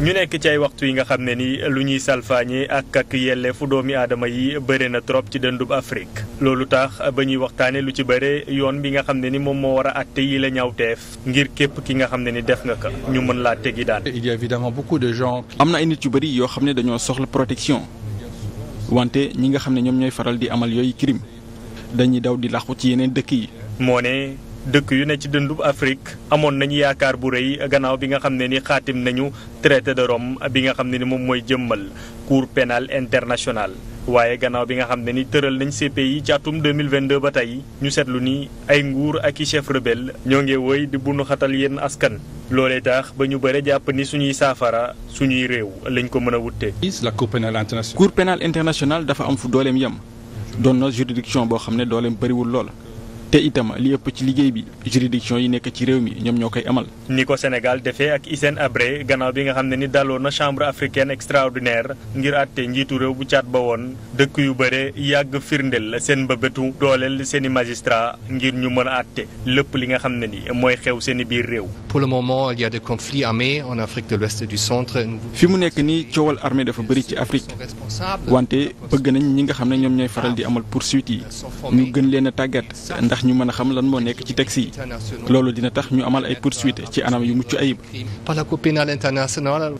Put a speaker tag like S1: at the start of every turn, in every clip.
S1: ñu nekk ci ay waxtu yi nga xam ne ni lu ñuy salfaañe ak ak yelleefu doomi aadama yi bëri na trop ci dëndub Afrique loolu tax ba ñuy waxtaane lu ci bëre yoon bi nga xam ne ni moom moo war a àtte yi la ñaawteef ngir képp ki nga xam ne ni def nga ko ñu mën laa tegi daan. il y a évidemment de gens.
S2: am na ay nit yu bëri yoo xam ne dañoo soxla protection
S1: wante ñi nga xam ne ñoom ñooy faral di amal yooyu crime dañuy daw di làqu ci yeneen dëkk yi. moo ne. dëkk yu ne ci dëndub Afrique amoon nañu yaakaar bu rëy gannaaw bi nga xam ne ni xaatim nañu traité de Rome bi nga xam ne ni moom mooy jëmmal cour pénal international waaye gannaaw bi nga xam ne ni tëral nañ CPI ci atum 2022 ba tey ñu seetlu ni ay nguur ak i chef rebelle ñoo ngi woy di bunu xatal yenn askan loolee tax ba ñu bëre jàpp ni suñuy saafara suñuy réew lañ ko mën a wutte
S2: la cour pénale internationale cour pénale internationale dafa am fu dooleem yem doon na juridiction boo xam ne dooleem bëriwul lool te itam li ëpp ci liggéey bi juridiction yi nekk ci réew mi ñoom ñoo koy amal.
S1: ni ko Sénégal defee ak Hissène Habré gannaaw bi nga xam ne ni daloo na chambre africaine extraordinaire ngir àtte njiitu réew bu caat ba woon dëkk yu bare yàgg firndeel seen mbëbëtu dooleel seeni magistrat ngir ñu mën a àtte lépp li nga xam ne ni mooy xew seeni biir réew. pour le moment il y a des conflits armés en Afrique
S2: fi mu nekk nii coowal armée dafa bëri ci Afrique wante bëgg nañ ñi nga xam ne ñoom ñooy faral di amal poursuite yi ñu gën leen a tàggat ndax ndax ñu mën a xam lan moo nekk
S1: ci taxi yi loolu dina tax ñu amal ay poursuite ci anam yu mucc ayib. par la Cour pénale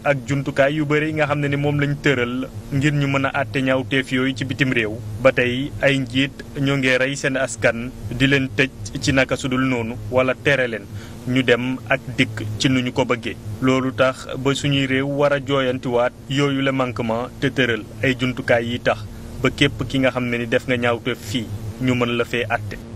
S1: ak jumtukaay yu bëri nga xam ne ni moom lañu tëral ngir ñu mën a àtte ñawteef yooyu ci bitim réew. ba tey ay njiit ñoo ngi rey seen askan di leen tëj ci naka sudul noonu wala tere leen. ñu dem ak dikk ci nu ñu ko bëggee loolu tax ba suñuy réew war a jooyantiwaat yooyu la manquement te tëral ay jumtukaay yi tax ba képp ki nga xam ne ni def nga ñaawte fii ñu mën la fee àtte